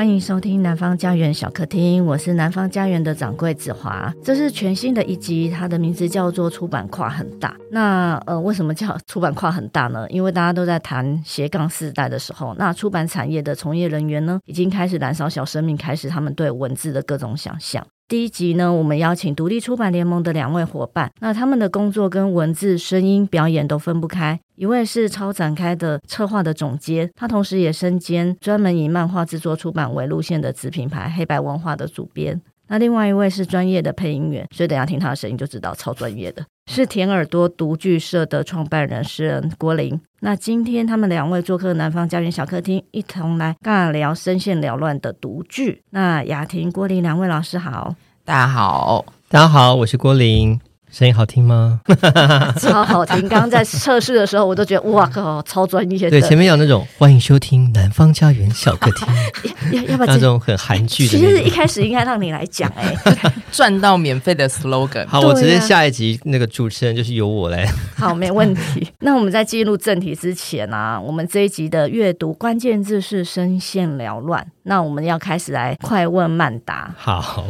歡迎收聽南方家園小客廳，我是南方家園的掌櫃子華。這是全新的一集，它的名字叫做《出版跨很大》那，那呃，為什麼叫出版跨很大呢？因為大家都在談斜槓世代的時候，那出版產業的從業人員呢，已經開始燃燒小生命，開始他們對文字的各種想象。第一集呢，我們邀請獨立出版聯盟的兩位夥伴，那他們的工作跟文字、聲音、表演都分不開。一位是超展開的策劃的總監，他同時也身兼專門以漫畫制作出版為路線的子品牌黑白文化的主編。那另外一位是專業的配音員，所以等下聽他的聲音就知道超專業的，是甜耳朵讀劇社的創辦人、詩人郭霖。那今天他們兩位做客南方家園小客廳，一同來尬聊聲線撩亂的讀劇。那雅婷、郭霖兩位老師好。大家好，大家好，我是郭霖。聲音好聽嗎？ 超好聽！剛剛在測試的時候，我都覺得 哇靠，超專業的。對，前面有那種 歡迎收聽南方家園小客廳， 要要，要不 那種很韓劇。其實一開始應該讓你來講哎、欸，賺 到免費的 slogan。好，我直接下一集那個主持人就是由我來、啊、好，沒問題。 那我們在進入正題之前呢、啊，我們這一集的閱讀關鍵字是聲線撩亂。那我們要開始來快問慢答。 好。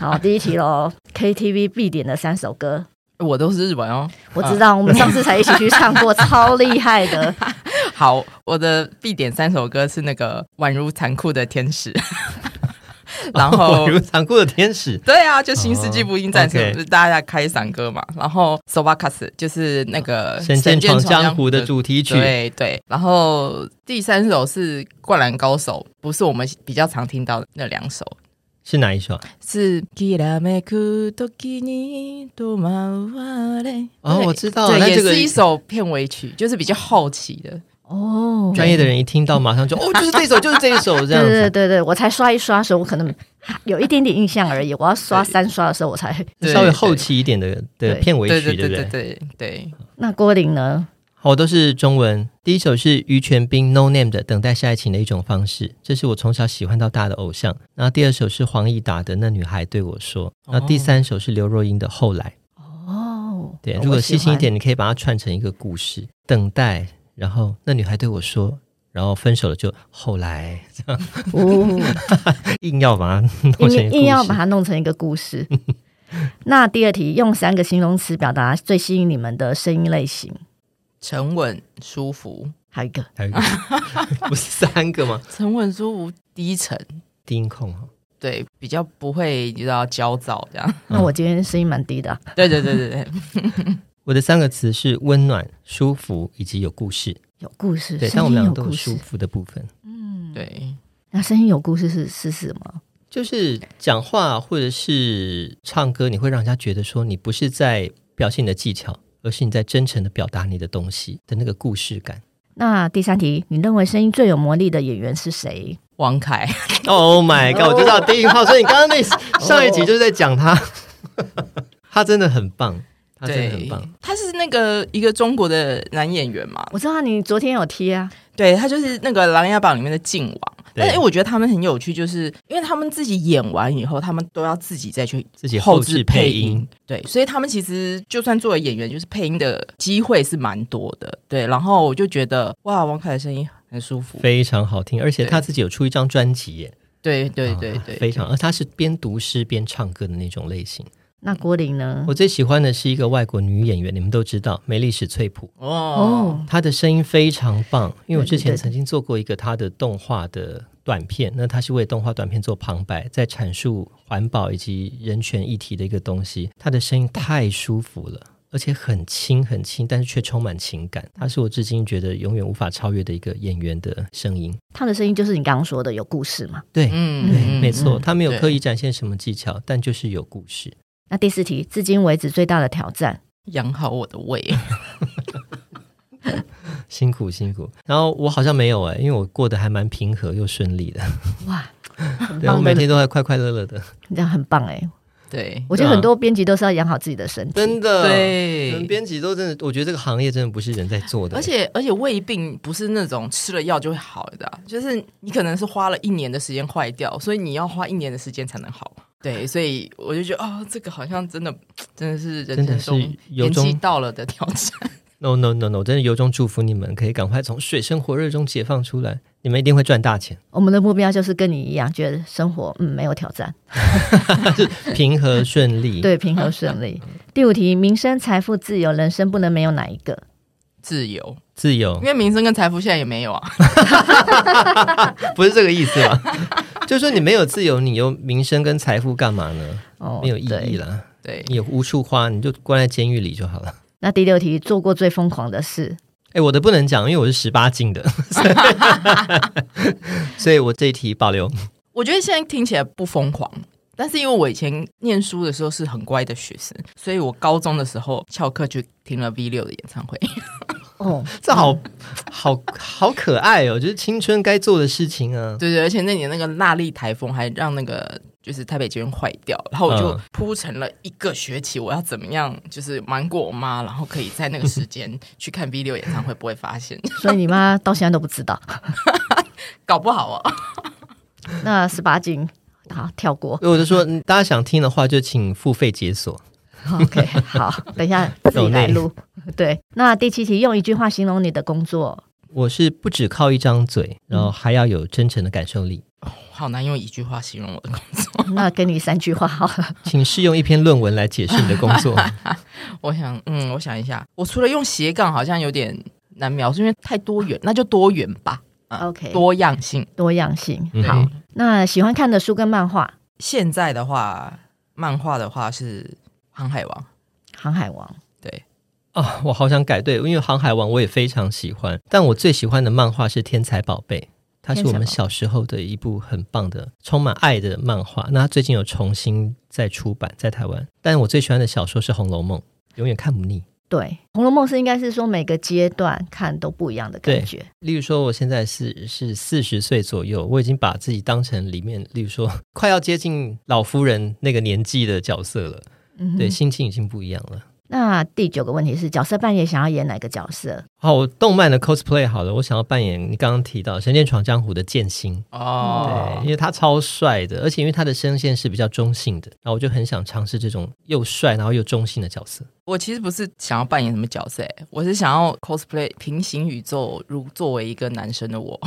好，第一題嘍！KTV 必點的三首歌，我都是日文哦。我知道、啊，我們上次才一起去唱過， 超厲害的。好，我的必點三首歌是那個《宛如殘酷的天使》， 然後《哦、宛如殘酷的天使》對啊，就《新世紀福音戰士》哦，就是、大家開嗓歌嘛。哦 okay、然後《Sobakasu》就是那個神《神劍闖江湖》的主題曲對，對。然後第三首是《灌籃高手》，不是我們比較常聽到的那兩首。是哪一首？是哦，我知道了、這個，也是一首片尾曲，就是比較好奇的哦。專業的人一聽到馬上就哦，就是這首， 就是這一首。 這樣子，對對對對，我才刷一刷的時候，我可能有一點點印象而已。我要刷三刷的時候，我才稍微後期一點的對片尾曲。對對對對，對，對，對，對，對那郭霖呢？好，都是中文。第一首是於權斌 No Name 的《等待是愛情的一種方式》，這是我從小喜歡到大的偶像。然後第二首是黃義達的《那女孩對我說》，然後第三首是劉若英的《後來》。哦，對，如果細心一點，哦，你可以把它串成一個故事：等待，然後那女孩對我說，然後分手了就，就後來。這樣哦，硬要把它弄成硬要把它弄成一個故事。故事 那第二題，用三個形容詞表達最吸引你們的聲音類型。沉穩、舒服，還有一個，還有一個， 不是三個嗎？沉穩、舒服、低沉，低音控哈。對，比較不會比較焦躁這樣。嗯，那我今天聲音蠻低的啊。對對對對對 。我的三個詞是溫暖、舒服以及有故事。有故事。對，但我們兩個都有舒服的部分。嗯，對。那聲音有故事是是什麼？就是講話或者是唱歌，你會讓人家覺得說你不是在表現你的技巧。而是你在真誠的表達你的東西的那個故事感。那第三題，你認為聲音最有魔力的演員是誰？王凱。Oh my god！Oh. 我知道低音炮 所以你剛剛那、oh. 上一集就是在講他， 他真的很棒。真的很棒。對，他是那個一個中國的男演員嘛？我知道你昨天有貼啊。對，他就是那個《琅琊榜》裡面的靖王。但是，因為我覺得他們很有趣，就是因為他們自己演完以後，他們都要自己再去自己後置配音。對，所以他們其實就算作為演員，就是配音的機會是蠻多的。對，然後我就覺得哇，王凱的聲音很舒服，非常好聽，而且他自己有出一張專輯耶。對對對對，對，對，啊，非常。而，啊，他是邊讀詩邊唱歌的那種類型。那郭霖呢？我最喜歡的是一個外國女演員，你們都知道梅麗史翠普哦，oh, 她的聲音非常棒，因為我之前曾經做過一個她的動畫的短片，對對對那她是為動畫短片做旁白，在闡述環保以及人權議題的一個東西。她的聲音太舒服了，而且很輕很輕，但是卻充滿情感。她是我至今覺得永遠無法超越的一個演員的聲音。她的聲音就是你剛剛說的有故事嗎？對，嗯，對，嗯、沒錯、嗯，她沒有刻意展現什麼技巧，但就是有故事。那第四題，至今為止最大的挑戰，養好我的胃， 辛苦辛苦。然後我好像沒有哎、欸，因為我過得還蠻平和又順利的。哇， 對我每天都還快快樂樂的，你這樣很棒哎、欸。對，我覺得很多編輯都是要養好自己的身體，真的。對，編輯都真的，我覺得這個行業真的不是人在做的、欸。而且而且胃病不是那種吃了藥就會好的，就是你可能是花了一年的時間壞掉，所以你要花一年的時間才能好。對，所以我就覺得，哦，這個好像真的，真的是真的是年紀到了的挑戰。No No No No，真的由衷祝福你們，可以趕快從水深火熱中解放出來，你們一定會賺大錢。我們的目標就是跟你一樣，覺得生活嗯沒有挑戰， 平和順利。 對，平和順利。 第五題，民生、財富、自由，人生不能沒有哪一個？自由，自由，因為民生跟財富現在也沒有啊， 不是這個意思啊。 就是說，你沒有自由，你有名聲跟財富幹嘛呢？Oh, 沒有意義啦。對，對，你有無處花，你就關在監獄裡就好了。那第六題，做過最瘋狂的事？哎，我的不能講，因為我是十八禁的，所以， 所以我這一題保留。我覺得現在聽起來不瘋狂，但是因為我以前念書的時候是很乖的學生，所以我高中的時候翹課去聽了 V6 的演唱會。 哦、oh，這好、嗯、好好可愛哦！就是青春該做的事情啊。對對，對，而且那年那個納莉颱風還讓那個就是台北捷運壞掉，然後我就鋪成了一個學期，我要怎麼樣，就是瞞過我媽，然後可以在那個時間去看 V6 演唱會，不會發現？ 所以你媽到現在都不知道， 搞不好啊、哦。那十八禁好跳過，我就說大家想聽的話就請付費解鎖。OK，好，等一下自己來錄。Oh, 對，那第七題用一句話形容你的工作，我是不只靠一張嘴，然後還要有真誠的感受力、嗯。好難用一句話形容我的工作，那給你三句話好了。請試用一篇論文來解釋你的工作。 我想，嗯，我想一下，我除了用斜槓，好像有點難描述，因為太多元，那就多元吧。啊、OK，多樣性，多樣性。好，那喜歡看的書跟漫畫，現在的話，漫畫的話是航海王《航海王》，《航海王》。啊、哦，我好想改。對，因為航海王我也非常喜歡，但我最喜歡的漫畫是《天才寶貝》，它是我們小時候的一部很棒的、充滿愛的漫畫。那它最近有重新再出版在台灣，但我最喜歡的小說是《紅樓夢》，永遠看不膩。對，《紅樓夢》是應該是說每個階段看都不一樣的感覺。例如說，我現在是是四十歲左右，我已經把自己當成裡面，例如說快要接近老夫人那個年紀的角色了。嗯，對，心情已經不一樣了。那第九個問題是：角色扮演想要演哪個角色？哦。Oh，我動漫的 cosplay 好了，我想要扮演你剛剛提到的《神劍闖江湖》的劍心哦。Oh. 對，因為他超帥的，而且因為他的聲線是比較中性的，然後我就很想嘗試這種又帥然後又中性的角色。我其實不是想要扮演什麼角色，我是想要 cosplay 平行宇宙，如作為一個男生的我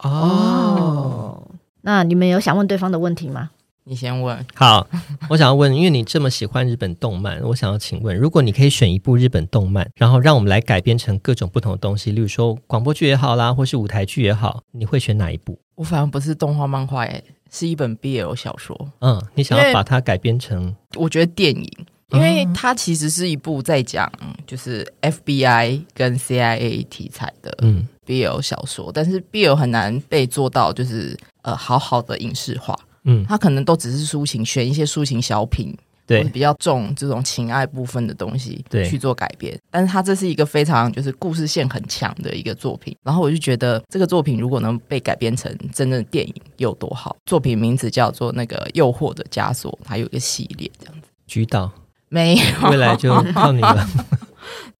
哦。Oh. Oh. 那你們有想問對方的問題嗎？你先問。好， 我想要問，因為你這麼喜歡日本動漫，我想要請問，如果你可以選一部日本動漫，然後讓我們來改編成各種不同的東西，例如說廣播劇也好啦，或是舞台劇也好，你會選哪一部？我反正不是動畫漫畫誒，是一本 BL 小說。嗯，你想要把它改編成？我覺得電影，因為它其實是一部在講就是 FBI 跟 CIA 題材的嗯 BL 小說、嗯，但是 BL 很難被做到就是呃好好的影視化。嗯，他可能都只是抒情，選一些抒情小品，對比較重這種情愛部分的東西，對，去做改編。但是他這是一個非常就是故事線很強的一個作品。然後我就覺得這個作品如果能被改編成真正的電影有多好。作品名字叫做《那個誘惑的枷鎖》，還有一個系列這樣子。劇導。沒有，未來就靠你了。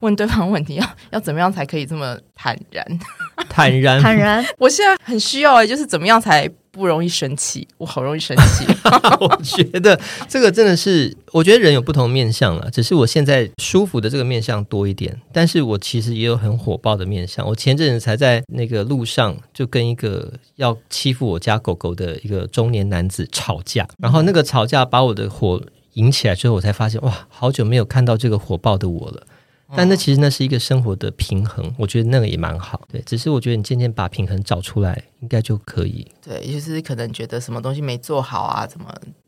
問對方問題要要怎麼樣才可以這麼坦然？ 坦然坦然，我現在很需要、欸，就是怎麼樣才。不容易生氣，我好容易生氣。 我覺得這個真的是，我覺得人有不同面相了。只是我現在舒服的這個面相多一點，但是我其實也有很火爆的面相。我前陣子才在那個路上就跟一個要欺負我家狗狗的一個中年男子吵架，然後那個吵架把我的火引起來之後，我才發現，哇，好久沒有看到這個火爆的我了。嗯、但那其實那是一個生活的平衡，我覺得那個也蠻好。對，只是我覺得你漸漸把平衡找出來，應該就可以。對，就是可能覺得什麼東西沒做好啊，怎麼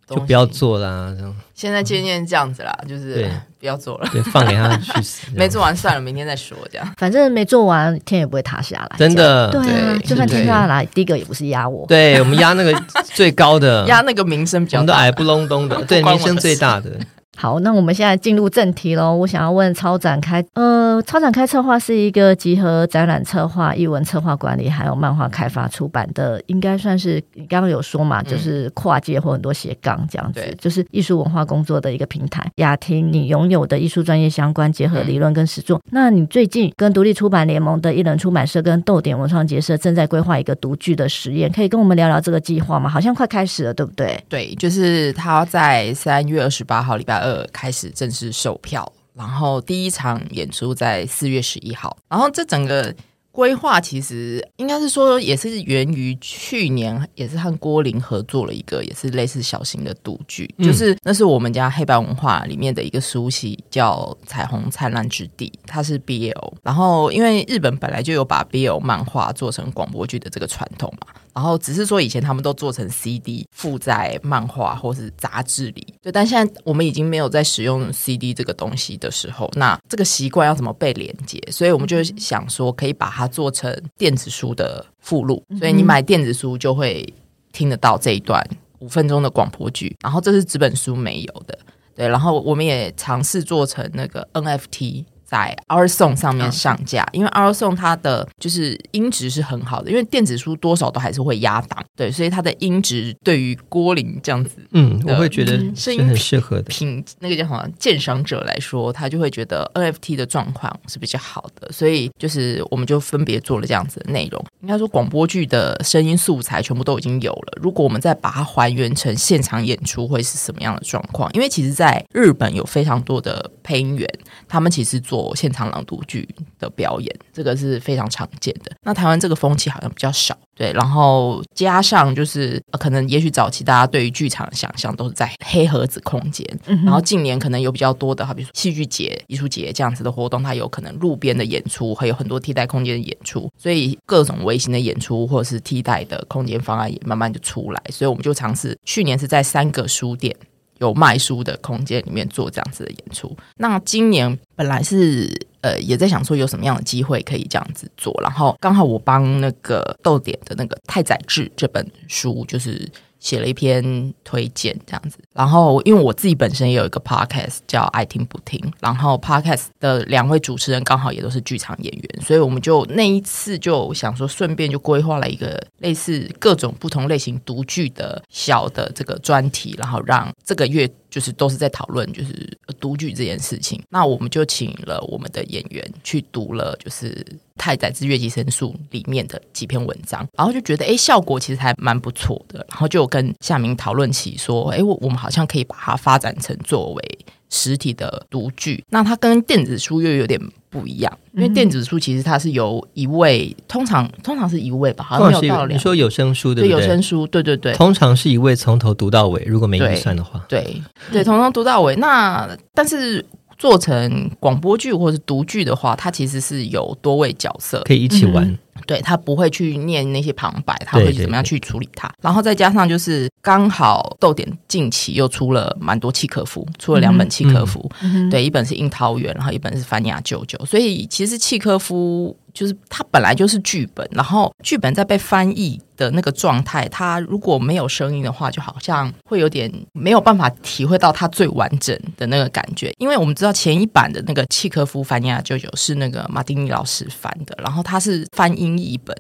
就不要做啦、啊。現在漸漸這樣子啦，嗯、就是對，不要做了，對放給他去死。 沒做完算了，明天再說這樣。反正沒做完，天也不會塌下來。真的，對、啊、對，對就算天塌下來，第一個也不是壓我。對，我們壓那個最高的，壓 那個名聲比較大，我們都矮不隆咚的， 的對，名聲最大的。好，那我們現在進入正題嘍。我想要問超展開，呃，超展開策劃是一個集合展覽策劃、藝文策劃、管理，還有漫畫開發出版的，應該算是你剛剛有說嘛、嗯，就是跨界或很多斜槓這樣子對，就是藝術文化工作的一個平台。雅婷，你擁有的藝術專業相關結合理論跟實作、嗯，那你最近跟獨立出版聯盟的一人出版社跟逗點文創結社正在規劃一個讀劇的實驗，可以跟我們聊聊這個計劃嗎？好像快開始了，對不對？對，就是他在三月二十八號禮拜。呃，開始正式售票，然後第一場演出在四月十一號，然後這整個規劃其實應該是說也是源於去年，也是和郭霖合作了一個也是類似小型的讀劇，就是那是我們家黑白文化裡面的一個書系，叫《彩虹燦爛之地》，它是 BL，然後因為日本本來就有把 BL 漫畫做成廣播劇的這個傳統嘛。然後只是說以前他們都做成 CD 附在漫畫或是雜誌裡，對，但現在我們已經沒有在使用 CD 這個東西的時候，那這個習慣要怎麼被連接？所以我們就想說可以把它做成電子書的附錄，所以你買電子書就會聽得到這一段五分鐘的廣播劇，然後這是紙本書沒有的，對。然後我們也嘗試做成那個 NFT。在 R s o n 上面上架，嗯、因為 R s o n 它的就是音質是很好的，因為電子書多少都還是會壓檔，對，所以它的音質對於郭林這樣子，嗯，我會覺得聲音很適合的品，品，那個叫什麼鑑賞者來說，他就會覺得 NFT 的狀況是比較好的，所以就是我們就分別做了這樣子的內容。應該說廣播劇的聲音素材全部都已經有了，如果我們再把它還原成現場演出，會是什麼樣的狀況？因為其實，在日本有非常多的配音員，他們其實做。我現場朗讀劇的表演，這個是非常常見的。那台灣這個風氣好像比較少，對。然後加上就是，呃，可能也許早期大家對於劇場的想象都是在黑盒子空間，嗯，然後近年可能有比較多的，好比如說戲劇節、藝術節這樣子的活動，它有可能路邊的演出，還有很多替代空間的演出，所以各種微型的演出或者是替代的空間方案也慢慢就出來。所以我們就嘗試，去年是在三個書店。有賣書的空間裡面做這樣子的演出，那今年本來是呃也在想說有什麼樣的機會可以這樣子做，然後剛好我幫那個逗點的那個太宰治這本書就是。寫了一篇推薦這樣子，然後因為我自己本身也有一個 podcast 叫《愛聽不聽》，然後 podcast 的兩位主持人剛好也都是劇場演員，所以我們就那一次就想說，順便就規劃了一個類似各種不同類型讀劇的小的這個專題，然後讓這個月。就是都是在討論就是讀劇這件事情，那我們就請了我們的演員去讀了，就是《太宰治越級申訴》裡面的幾篇文章，然後就覺得誒、欸，效果其實還蠻不錯的，然後就跟夏明討論起說，誒、欸，我我們好像可以把它發展成作為。實體的讀劇，那它跟電子書又有點不一樣，因為電子書其實它是由一位，通常通常是一位吧，好像沒有道理你說有聲書對不對？對，有聲書對對對，通常是一位從頭讀到尾，如果沒預算的話，對對，從頭讀到尾。那但是做成廣播劇或是讀劇的話，它其實是有多位角色可以一起玩。嗯對，他不會去念那些旁白，他會怎麼樣去處理它？對對對對，然後再加上就是剛好逗點近期又出了蠻多契訶夫，出了兩本契訶夫，對，一本是《櫻桃園》，然後一本是《凡尼亞舅舅》。所以其實契訶夫。就是它本來就是劇本，然後劇本在被翻譯的那個狀態，它如果沒有聲音的話，就好像會有點沒有辦法體會到它最完整的那個感覺。因為我們知道前一版的那個契訶夫《凡尼亞舅舅》是那個馬丁尼老師翻的，然後他是翻英譯本，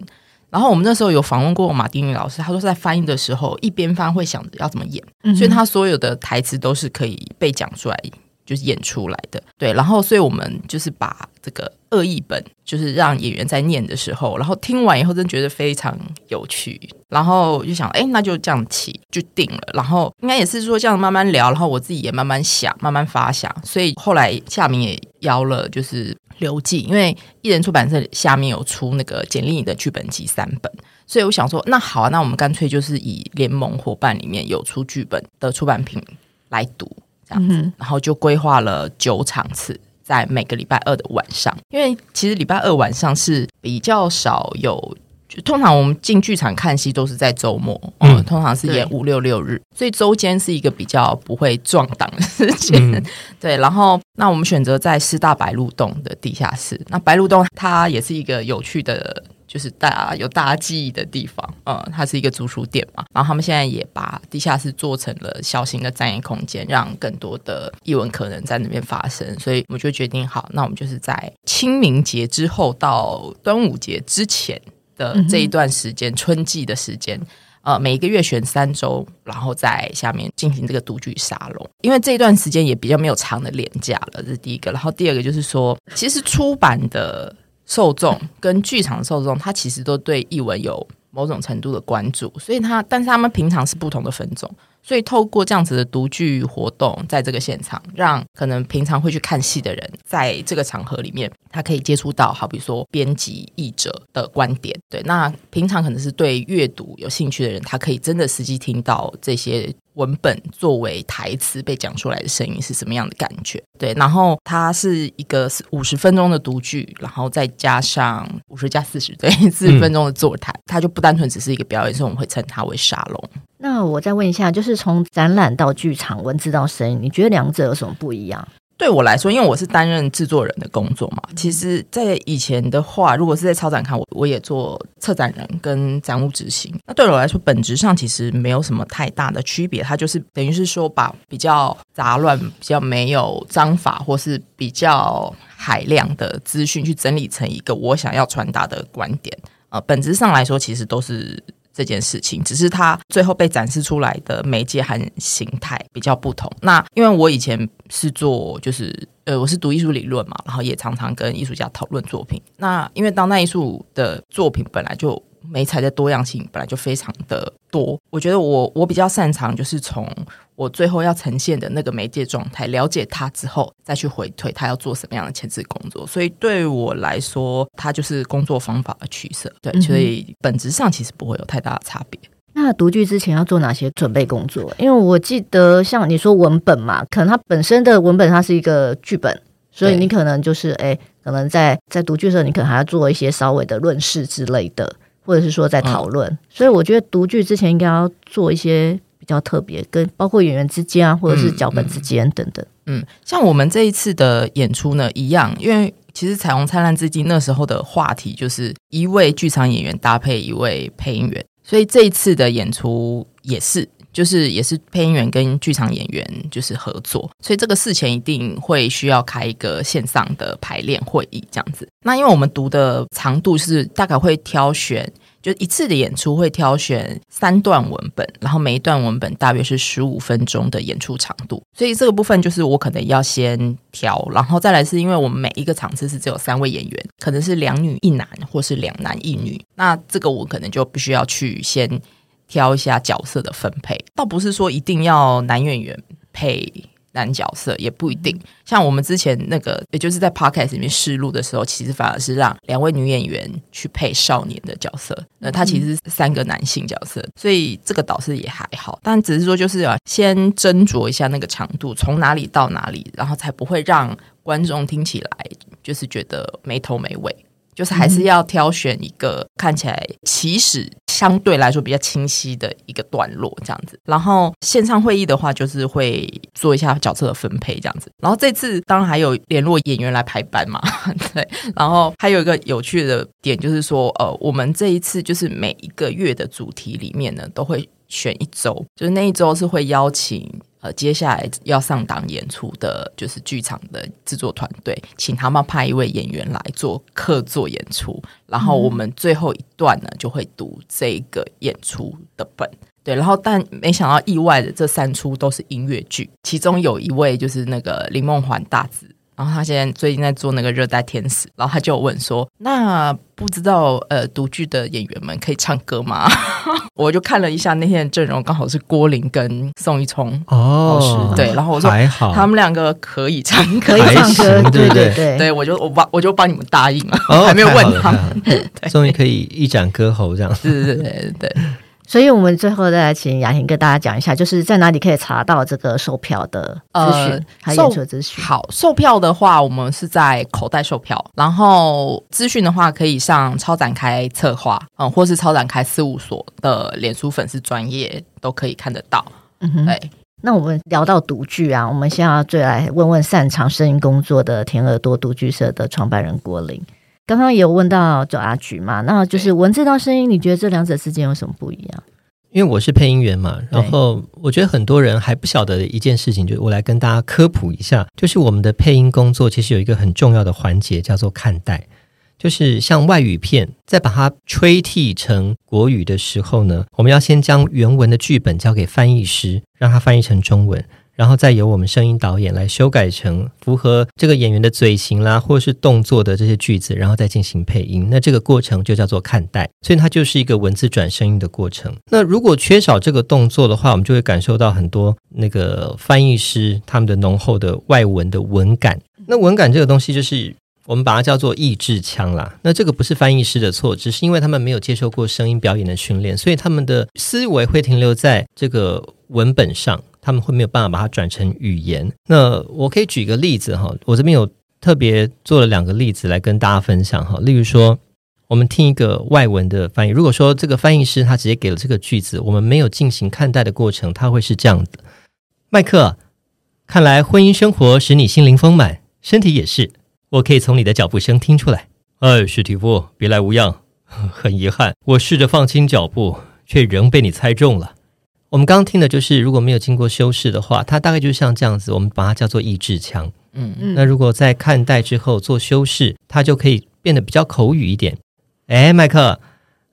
然後我們那時候有訪問過馬丁尼老師，他說在翻譯的時候一邊翻會想着要怎麼演，嗯，所以他所有的台詞都是可以被講出來的。就是演出來的，對。然後，所以我們就是把這個惡意本，就是讓演員在念的時候，然後聽完以後，真覺得非常有趣。然後我就想，哎，那就這樣起就定了。然後應該也是說這樣慢慢聊，然後我自己也慢慢想，慢慢發想。所以後來下面也邀了，就是劉記，因為一人出版社下面有出那個簡莉穎的劇本集三本，所以我想說，那好啊，那我們乾脆就是以聯盟夥伴裡面有出劇本的出版品來讀。嗯，然後就規劃了九場次，在每個禮拜二的晚上，因為其實禮拜二晚上是比較少有，就通常我們進劇場看戲都是在周末，嗯，嗯，通常是演五六六日，所以周間是一個比較不會撞檔的時間，嗯。對，然後那我們選擇在師大白鹿洞的地下室，那白鹿洞它也是一個有趣的。就是大家有大家記憶的地方，嗯、呃，它是一個租書店嘛，然後他們現在也把地下室做成了小型的展演空間，讓更多的藝文可能在那邊發生。所以我們就決定，好，那我們就是在清明節之後到端午節之前的這一段時間，嗯、春季的時間，呃，每一個月選三周，然後在下面進行這個讀劇沙龍，因為這一段時間也比較沒有長的連假了，這是第一個。然後第二個就是說，其實出版的。受眾跟劇場的受眾，他其實都對譯文有某種程度的關注，所以他，但是他們平常是不同的分眾，所以透過這樣子的讀劇活動，在這個現場，讓可能平常會去看戲的人，在這個場合裡面，他可以接觸到，好比說編輯、譯者的觀點，對，那平常可能是對閱讀有興趣的人，他可以真的實際聽到這些。文本作為台詞被講出來的聲音是什麼樣的感覺？對，然後它是一個五十分鐘的讀劇，然後再加上五十加四十對四十分鐘的座談。嗯，它就不單純只是一個表演，所以我們會稱它為沙龍。那我再問一下，就是從展覽到劇場，文字到聲音，你覺得兩者有什麼不一樣？嗯對我來說，因為我是擔任製作人的工作嘛，其實在以前的話，如果是在超展開，我，我也做策展人跟展務執行。那對我來說，本質上其實沒有什麼太大的區別，它就是等於是說把比較雜亂、比較沒有章法，或是比較海量的資訊，去整理成一個我想要傳達的觀點啊、呃。本質上來說，其實都是。這件事情，只是它最後被展示出來的媒介和形態比較不同。那因為我以前是做就是呃，我是讀藝術理論嘛，然後也常常跟藝術家討論作品。那因為當代藝術的作品本來就。媒材的多樣性本來就非常的多，我覺得我我比較擅長就是從我最後要呈現的那個媒介狀態了解它之後再去回推，它要做什麼樣的前置工作。所以對我來說，它就是工作方法的取舍。對、嗯，所以本質上其實不會有太大的差別。那讀劇之前要做哪些準備工作？因為我記得像你說文本嘛，可能它本身的文本它是一個劇本，所以你可能就是哎、欸，可能在在讀劇的時候，你可能還要做一些稍微的潤飾之類的。或者是說在討論、嗯，所以我覺得讀劇之前應該要做一些比較特別，跟包括演員之間啊，或者是腳本之間等等嗯嗯。嗯，像我們這一次的演出呢，一樣，因為其實《彩虹燦爛之際》那時候的話題就是一位劇場演員搭配一位配音員，所以這一次的演出也是。就是也是配音員跟劇場演員就是合作，所以這個事前一定會需要開一個線上的排練會議這樣子。那因為我們讀的長度是大概會挑選，就一次的演出會挑選三段文本，然後每一段文本大約是十五分鐘的演出長度。所以這個部分就是我可能要先挑，然後再來是因為我們每一個場次是只有三位演員，可能是兩女一男或是兩男一女。那這個我可能就必須要去先，挑一下角色的分配，倒不是說一定要男演員配男角色，也不一定。嗯、像我們之前那個，也就是在 podcast 裡面試錄的時候，其實反而是讓兩位女演員去配少年的角色。那他其實是三個男性角色，嗯、所以這個倒是也還好。但只是說，就是要、啊、先斟酌一下那個長度，從哪裡到哪裡，然後才不會讓觀眾聽起來就是覺得沒頭沒尾，就是還是要挑選一個、嗯、看起來其實。相對來說比較清晰的一個段落，這樣子。然後線上會議的話，就是會做一下角色的分配，這樣子。然後這次當然還有聯絡演員來排班嘛，對。然後還有一個有趣的點就是說，呃，我們這一次就是每一個月的主題裡面呢，都會。選一周，就是那一周是會邀請呃，接下來要上檔演出的，就是劇場的制作團隊，請他們派一位演員來做客座演出，然後我們最後一段呢就會讀這個演出的本，嗯，對，然後但沒想到意外的，這三齣都是音樂劇，其中有一位就是那個林夢環大姊。然後他現在最近在做那個《熱帶天使》，然後他就問說：“那不知道呃，讀劇的演員們可以唱歌嗎？” 我就看了一下那天的陣容，剛好是郭霖跟宋一聰哦是，對，然後我說還好，他們兩個可以唱歌，可以唱歌，還行對對對， 對我就我幫我就幫你們答應了，哦、 還沒有問他們， 終於可以一展歌喉這樣， 對對對對對。所以，我們最後再來請雅婷跟大家講一下，就是在哪裡可以查到這個售票的資訊、呃、還有好，售票的話，我們是在口袋售票；然後資訊的話，可以上超展開策劃，嗯，或是超展開事務所的臉書粉絲專頁都可以看得到。嗯哼，對。那我們聊到讀劇啊，我們先要最來問問擅長聲音工作的甜耳朵讀劇社的創辦人郭霖。剛剛也有問到找阿菊嘛，那就是文字到聲音，你覺得這兩者之間有什麼不一樣？因為我是配音員嘛，然後我覺得很多人還不曉得一件事情，就是我來跟大家科普一下，就是我們的配音工作其實有一個很重要的環節叫做看待，就是像外語片在把它吹替成國語的時候呢，我們要先將原文的劇本交給翻譯師，讓它翻譯成中文。然後再由我們聲音導演來修改成符合這個演員的嘴型啦，或是動作的這些句子，然後再進行配音。那這個過程就叫做看待，所以它就是一個文字轉聲音的過程。那如果缺少這個動作的話，我們就會感受到很多那個翻譯師他們的濃厚的外文的文感。那文感這個東西，就是我們把它叫做譯製腔啦。那這個不是翻譯師的錯，只是因為他們沒有接受過聲音表演的訓練，所以他們的思維會停留在這個文本上。他們會沒有辦法把它轉成語言。那我可以舉個例子哈，我這邊有特別做了兩個例子來跟大家分享哈。例如說，我們聽一個外文的翻譯，如果說這個翻譯師他直接給了這個句子，我們沒有進行看待的過程，他會是這樣的：麥克，看來婚姻生活使你心靈豐滿，身體也是。我可以從你的腳步聲聽出來。哎，史蒂夫，別來無恙。很遺憾，我試着放輕腳步，卻仍被你猜中了。我們剛剛聽的就是，如果沒有經過修飾的話，它大概就是像這樣子。我們把它叫做“譯製腔”。嗯嗯，那如果在看待之後做修飾，它就可以變得比較口語一點。誒，麥克，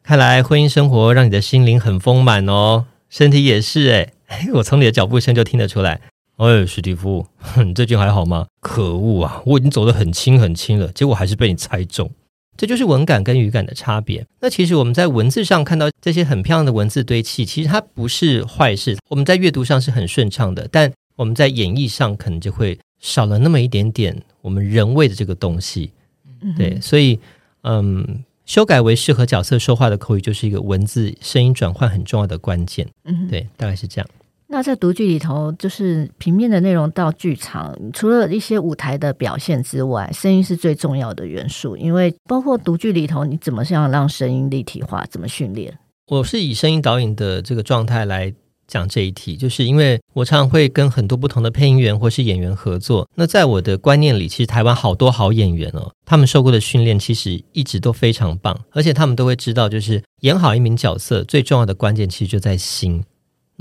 看來婚姻生活讓你的心靈很豐滿哦，身體也是誒，誒、哎、我從你的腳步聲就聽得出來。誒、哎，史蒂夫，你最近還好嗎？可惡啊，我已經走得很輕很輕了，結果還是被你猜中。這就是文感跟語感的差別。那其實我們在文字上看到這些很漂亮的文字堆砌，其實它不是壞事。我們在閱讀上是很順暢的，但我們在演繹上可能就會少了那麼一點點我們人味的這個東西。嗯，對，所以嗯，修改為適合角色說話的口語，就是一個文字聲音轉換很重要的關鍵。嗯，對，大概是這樣。那在讀劇裡頭，就是平面的內容到劇場，除了一些舞台的表現之外，聲音是最重要的元素。因為包括讀劇裡頭，你怎麼想要讓聲音立體化？怎麼訓練？我是以聲音導演的這個狀態來講這一題，就是因為我常常會跟很多不同的配音員或是演員合作。那在我的觀念裡，其實台灣好多好演員哦，他們受過的訓練其實一直都非常棒，而且他們都會知道，就是演好一名角色最重要的關鍵，其實就在心。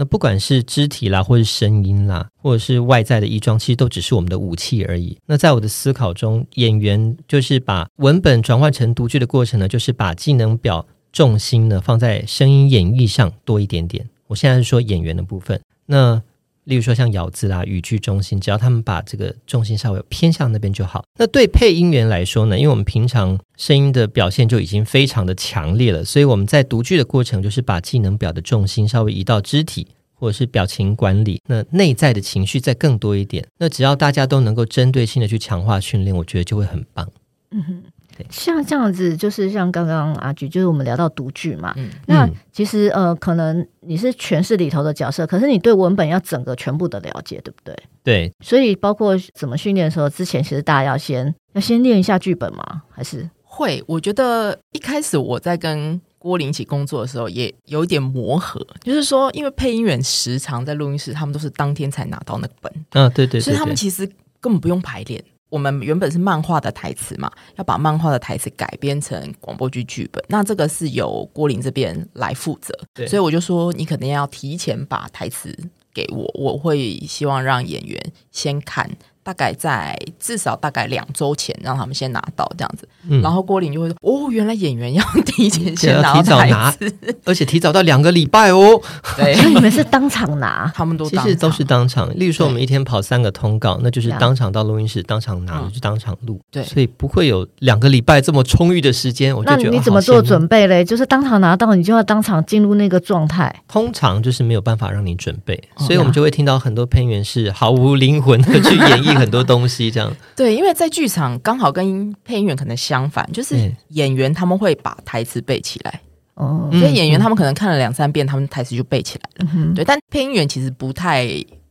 那不管是肢體啦，或者是聲音啦，或者是外在的衣裝，其實都只是我們的武器而已。那在我的思考中，演員就是把文本轉換成讀劇的過程呢，就是把技能表重心呢放在聲音演繹上多一點點。我現在是說演員的部分。那。例如說像咬字啦、啊、語句中心，只要他們把這個重心稍微偏向那邊就好。那對配音員來說呢，因為我們平常聲音的表現就已經非常的強烈了，所以我們在讀劇的過程就是把技能表的重心稍微移到肢體或者是表情管理，那內在的情緒再更多一點。那只要大家都能夠針對性的去強化訓練，我覺得就會很棒。嗯哼。像這樣子，就是像剛剛阿菊，就是我們聊到讀劇嘛、嗯。那其實呃，可能你是詮釋裡頭的角色，可是你對文本要整個全部的了解，對不對？對。所以包括怎麼訓練的時候，之前其實大家要先要先練一下劇本嘛？還是會？我覺得一開始我在跟郭霖一起工作的時候，也有點磨合，就是說，因為配音員時常在錄音室，他們都是當天才拿到那個本。嗯，對對，對，對。所以他們其實根本不用排練。我們原本是漫畫的台詞嘛，要把漫畫的台詞改編成廣播劇劇本，那這個是由郭霖這邊來負責，所以我就說，你可能要提前把台詞給我，我會希望讓演員先看。大概在至少大概兩週前讓他們先拿到這樣子，嗯、然後郭霖就會說：“哦，原來演員要提前先拿到台詞，提早拿。而且提早到兩個禮拜哦。”對。你們是當場拿，他們都其實都是當場。例如說，我們一天跑三個通告，那就是當場到錄音室，當場拿，嗯、就是、當場錄。對，所以不會有兩個禮拜這麼充裕的時間。我就覺得。你怎麼做、哦、準備嘞？就是當場拿到，你就要當場進入那個狀態。通常就是沒有辦法讓你準備，所以我們就會聽到很多配音員是毫無靈魂的去演繹。 很多東西這樣對，因為在劇場剛好跟配音員可能相反，就是演員他們會把台詞背起來。欸，所以演員他們可能看了兩三遍，他們台詞就背起來了。嗯。對，但配音員其實不太，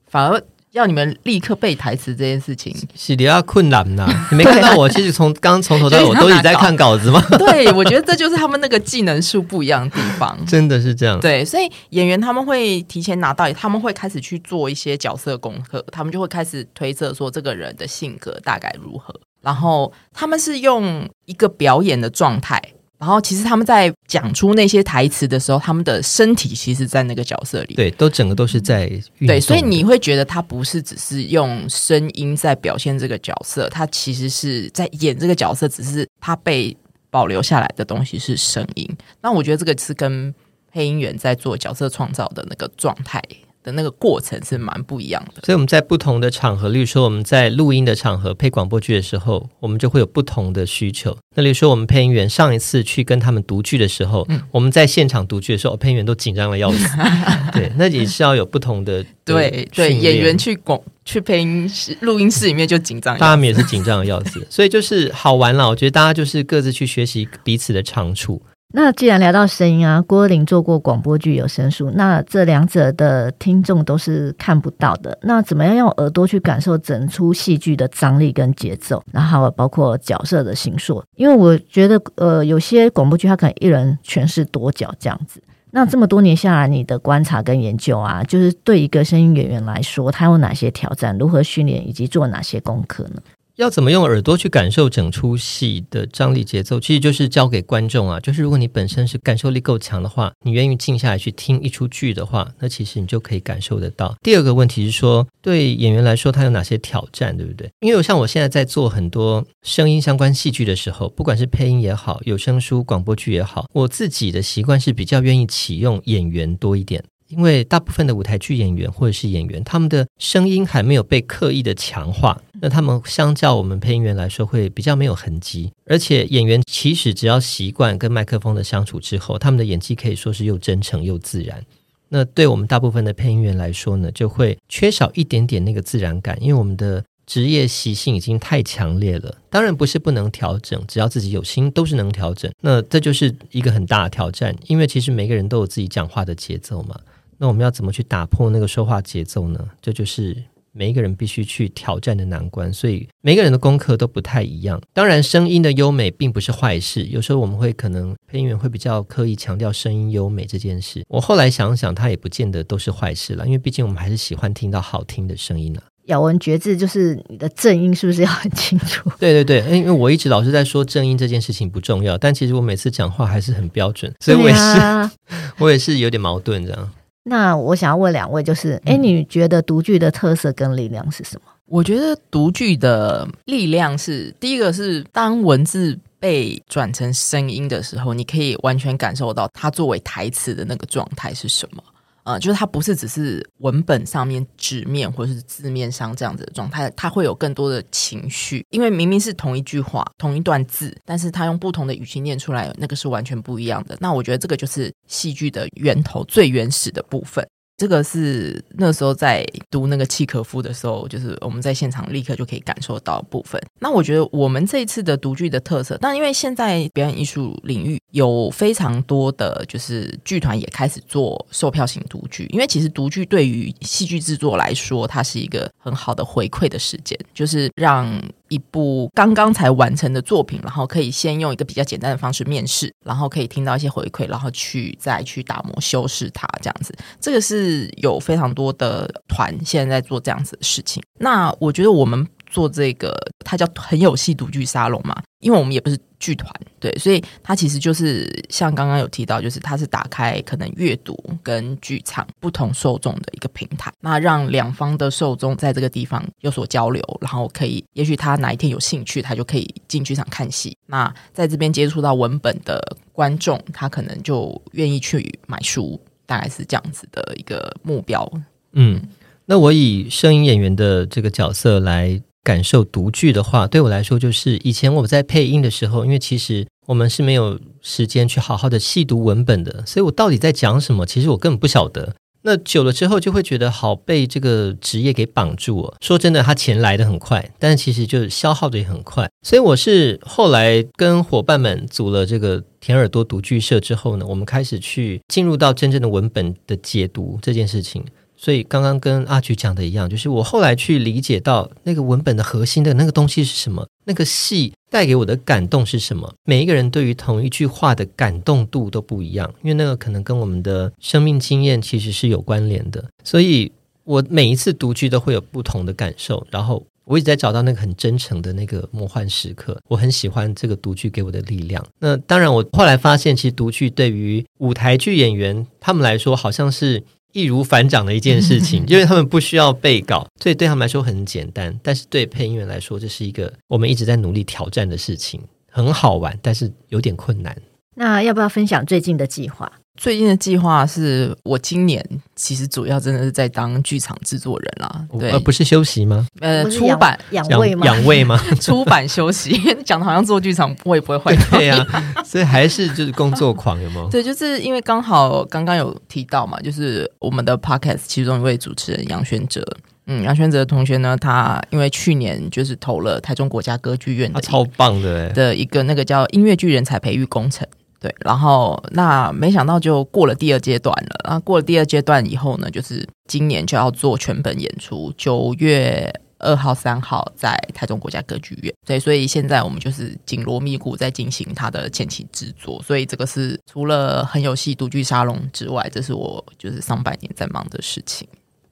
反而。要你們立刻背台詞這件事情，是比較、啊、困難的、啊。你沒看到我其實從剛剛從頭到尾我都一直在看稿子嗎？ 對，我覺得這就是他們那個技能數不一樣的地方。 真的是這樣。對，所以演員他們會提前拿到，他們會開始去做一些角色功課，他們就會開始推測說這個人的性格大概如何，然後他們是用一個表演的狀態。然後，其實他們在講出那些台詞的時候，他們的身體其實，在那個角色裡，對，都整個都是在運動。對，所以你會覺得他不是只是用聲音在表現這個角色，他其實是在演這個角色，只是他被保留下來的東西是聲音。那我覺得這個是跟配音員在做角色創造的那個狀態。的那個過程是蠻不一樣的，所以我們在不同的場合，例如說我們在錄音的場合配廣播劇的時候，我們就會有不同的需求。那例如說我們配音員上一次去跟他們讀劇的時候、嗯，我們在現場讀劇的時候、哦，配音員都緊張的要死。 對，那也是要有不同的對對演員去廣去配音室錄音室裡面就緊張，他們也是緊張的要死。要死 所以就是好玩了，我覺得大家就是各自去學習彼此的長處。那既然聊到聲音啊，郭霖做過廣播劇、有聲書，那這兩者的聽眾都是看不到的。那怎麼樣用耳朵去感受整齣戲劇的張力跟節奏，然後包括角色的形塑？因為我覺得，呃，有些廣播劇它可能一人詮釋多角這樣子。那這麼多年下來，你的觀察跟研究啊，就是對一個聲音演員來說，他有哪些挑戰？如何訓練？以及做哪些功課呢？要怎麼用耳朵去感受整出戲的張力節奏？其實就是交給觀眾啊。就是如果你本身是感受力夠強的話，你願意靜下來去聽一出劇的話，那其實你就可以感受得到。第二個問題是說，對演員來說，他有哪些挑戰，對不對？因為我像我現在在做很多聲音相關戲劇的時候，不管是配音也好，有聲書、廣播劇也好，我自己的習慣是比較願意啟用演員多一點。因為大部分的舞台劇演員或者是演員，他們的聲音還沒有被刻意的強化，那他們相較我們配音員來說會比較沒有痕跡。而且演員其實只要習慣跟麥克風的相處之後，他們的演技可以說是又真誠又自然。那對我們大部分的配音員來說呢，就會缺少一點點那個自然感，因為我們的職業習性已經太強烈了。當然不是不能調整，只要自己有心都是能調整。那這就是一個很大的挑戰，因為其實每個人都有自己講話的節奏嘛。那我們要怎麼去打破那個說話節奏呢？這就是每一個人必須去挑戰的難關。所以每個人的功課都不太一樣。當然，聲音的優美並不是壞事。有時候我們會可能配音員會比較刻意強調聲音優美這件事。我後來想想，它也不見得都是壞事啦，因為畢竟我們還是喜歡聽到好聽的聲音呢、啊。咬文嚼字就是你的正音是不是要很清楚？對對對，因為我一直老是在說正音這件事情不重要，但其實我每次講話還是很標準，所以我也是、啊、 我也是有點矛盾這樣。那我想要問兩位，就是，誒，你覺得讀劇的特色跟力量是什麼？我覺得讀劇的力量是，第一個是，當文字被轉成聲音的時候，你可以完全感受到它作為台詞的那個狀態是什麼。呃，就是它不是只是文本上面紙面或者是字面上這樣子的狀態，它、它會有更多的情緒，因為明明是同一句話、同一段字，但是他用不同的語氣念出來，那個是完全不一樣的。那我覺得這個就是戲劇的源頭，最原始的部分。這個是那時候在讀那個契訶夫的時候，就是我們在現場立刻就可以感受到的部分。那我覺得我們這一次的讀劇的特色，但因為現在表演藝術領域有非常多的就是劇團也開始做售票型讀劇，因為其實讀劇對於戲劇制作來說，它是一個很好的回饋的時間，就是讓。一部剛剛才完成的作品，然後可以先用一個比較簡單的方式面試，然後可以聽到一些回饋，然後去再去打磨修飾它，這樣子，這個是有非常多的團現在在做這樣子的事情。那我覺得我們。做這個，它叫很有戲讀劇沙龍嘛，因為我們也不是劇團，對，所以它其實就是像剛剛有提到，就是它是打開可能閱讀跟劇場不同受眾的一個平台，那讓兩方的受眾在這個地方有所交流，然後可以，也許他哪一天有興趣，他就可以進劇場看戲。那在這邊接觸到文本的觀眾，他可能就願意去買書，大概是這樣子的一個目標。嗯，那我以聲音演員的這個角色來感受讀劇的話，對我來說就是以前我在配音的時候，因為其實我們是沒有時間去好好的細讀文本的，所以我到底在講什麼，其實我根本不曉得。那久了之後，就會覺得好被這個職業給綁住啊。說真的，他錢來得很快，但其實就是消耗得也很快。所以我是後來跟夥伴們組了這個甜耳朵讀劇社之後呢，我們開始去進入到真正的文本的解讀這件事情。所以剛剛跟阿菊講的一樣，就是我後來去理解到那個文本的核心的那個東西是什麼，那個戲帶給我的感動是什麼。每一個人對於同一句話的感動度都不一樣，因為那個可能跟我們的生命經驗其實是有關聯的。所以，我每一次讀劇都會有不同的感受。然後，我一直在找到那個很真誠的那個魔幻時刻。我很喜歡這個讀劇給我的力量。那當然，我後來發現，其實讀劇對於舞台劇演員他們來說，好像是。易如反掌的一件事情， 因為他們不需要背稿，所以對他們來說很簡單。但是對配音員來說，這是一個我們一直在努力挑戰的事情，很好玩，但是有點困難。那要不要分享最近的計劃？最近的計劃是我今年其實主要真的是在當劇場製作人啦、啊。對，而、哦呃、不是休息嗎？呃，養出版養胃嗎？養養嗎 出版休息， 講的好像做劇場不會不會壞的對、啊，對呀，所以還是就是工作狂， 有沒有？對，就是因為剛好剛剛有提到嘛，就是我們的 Podcast 其中一位主持人楊軒哲，嗯，楊軒哲的同學呢，他因為去年就是投了台中國家歌劇院，超棒的、欸、的一個那個叫音樂劇人才培育工程。對，然後那沒想到就過了第二階段了。那、啊、過了第二階段以後呢，就是今年就要做全本演出，九月二號、三號在台中國家歌劇院。對，所以現在我們就是緊鑼密鼓在進行它的前期制作。所以這個是除了很有戲讀劇沙龍之外，這是我就是上半年在忙的事情。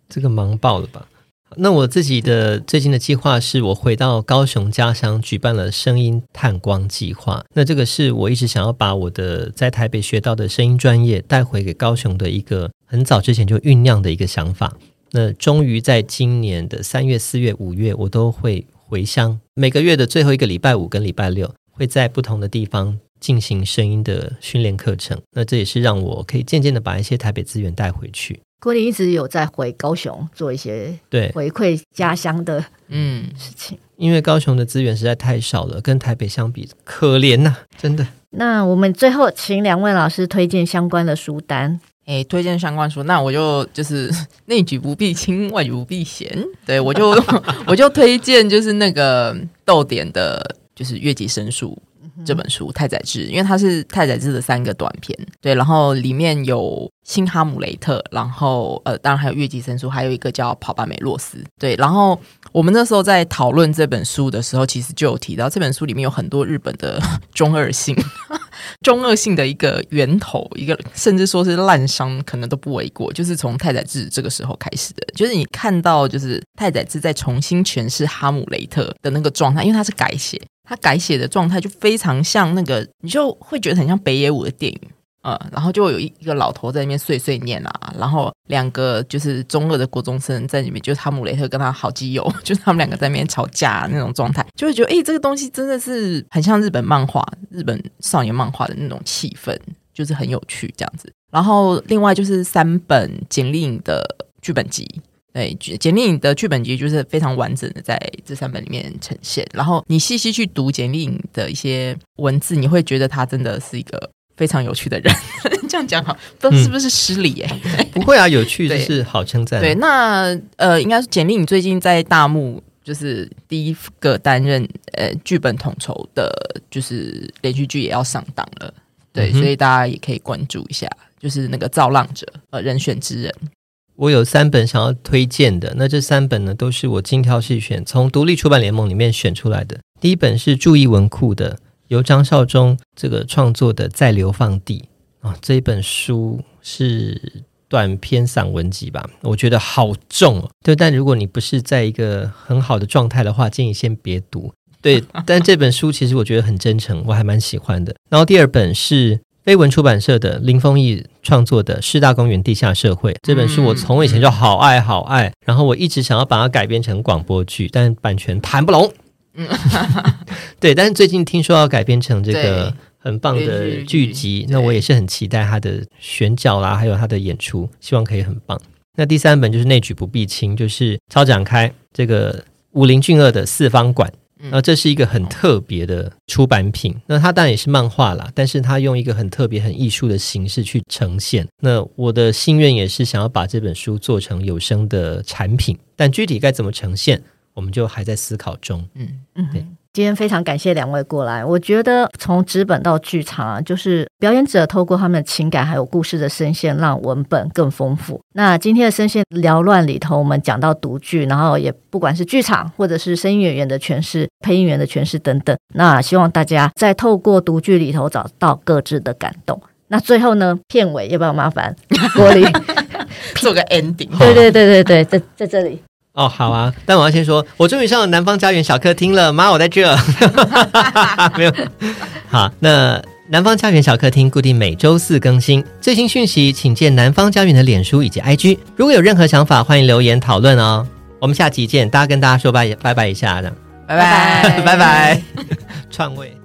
這個忙爆了吧？那我自己的最近的計劃是，我回到高雄家鄉，舉辦了“聲音探光”計劃。那這個是我一直想要把我的在台北學到的聲音專業帶回給高雄的一個很早之前就醞釀的一個想法。那終於在今年的三月、四月、五月，我都會回鄉，每個月的最後一個禮拜五跟禮拜六，會在不同的地方進行聲音的訓練課程。那這也是讓我可以漸漸的把一些台北資源帶回去。郭霖一直有在回高雄做一些回饋，對，回饋家鄉的嗯事情，因為高雄的資源實在太少了，跟台北相比可憐吶、啊，真的。那我們最後請兩位老師推薦相關的書單，哎、欸，推薦相關書，那我就就是內舉不避親，外舉不避嫌、嗯，對我就 我就推薦就是那個逗點的，就是越級申訴。這本書《太宰治》，因為它是太宰治的三個短篇，對，然後裡面有《新哈姆雷特》，然後呃，當然還有《月季生疏》，還有一個叫《跑吧美洛斯》。對，然後我們那時候在討論這本書的時候，其實就有提到這本書裡面有很多日本的中二性，中二性的一個源頭，一個甚至說是爛傷，可能都不為過。就是從太宰治這個時候開始的，就是你看到就是太宰治在重新詮釋哈姆雷特的那個狀態，因為他是改寫。他改寫的狀態就非常像那個，你就會覺得很像北野武的電影，嗯，然後就有一一個老頭在那邊碎碎念啊，然後兩個就是中二的國中生在裡面，就是哈姆雷特跟他好基友，就是他們兩個在那邊吵架、啊、那種狀態，就會覺得，哎、欸，這個東西真的是很像日本漫畫、日本少年漫畫的那種氣氛，就是很有趣這樣子。然後另外就是三本簡莉穎的劇本集。哎，簡莉穎的劇本集就是非常完整的在這三本裡面呈現。然後你細細去讀簡莉穎的一些文字，你會覺得他真的是一個非常有趣的人。 這樣講好，都是不是失禮、欸？哎、嗯，不會啊，有趣、 就是好稱讚。對，那呃，應該是簡莉穎最近在大幕就是第一個擔任呃劇本統籌的，就是連續劇也要上檔了。對、嗯，所以大家也可以關注一下，就是那個造浪者呃人選之人。我有三本想要推薦的，那這三本呢，都是我精挑細選從獨立出版聯盟裡面選出來的。第一本是啾咪文庫的，由張紹忠這個創作的《在流放地》啊、哦，這一本書是短篇散文集吧？我覺得好重哦，對，但如果你不是在一個很好的狀態的話，建議先別讀。對，但這本書其實我覺得很真誠，我還蠻喜歡的。然後第二本是。碑文出版社的林峰毅創作的《師大公園地下社會》這本書，我從以前就好愛好愛，然後我一直想要把它改編成廣播劇，但是版權談不攏。嗯，對。但是最近聽說要改編成這個很棒的劇集，那我也是很期待他的選角啦，還有他的演出，希望可以很棒。那第三本就是《內舉不避親》，就是超展開這個《武林俊二》的四方館。那這是一個很特別的出版品，那它當然也是漫畫啦，但是它用一個很特別、很藝術的形式去呈現。那我的心願也是想要把這本書做成有聲的產品，但具體該怎麼呈現，我們就還在思考中。嗯嗯，對。今天非常感謝兩位過來。我覺得從紙本到劇場，啊，就是表演者透過他們的情感還有故事的聲線，讓文本更豐富。那今天的聲線撩亂裡頭，我們講到讀劇，然後也不管是劇場或者是聲音演員的詮釋，配音員的詮釋等等。那希望大家再透過讀劇裡頭找到各自的感動。那最後呢，片尾要不要麻煩郭霖做個 ending？ 對對對對對，在在這裡。哦，好啊，但我要先說，我終於上了南方家園小客廳了，媽，我在這兒，哈哈哈，沒有。好，那南方家園小客廳固定每周四更新最新訊息，請見南方家園的臉書以及 IG。如果有任何想法，歡迎留言討論哦。我們下集見，大家跟大家說拜拜拜一下，這樣，拜拜拜拜，創 衛。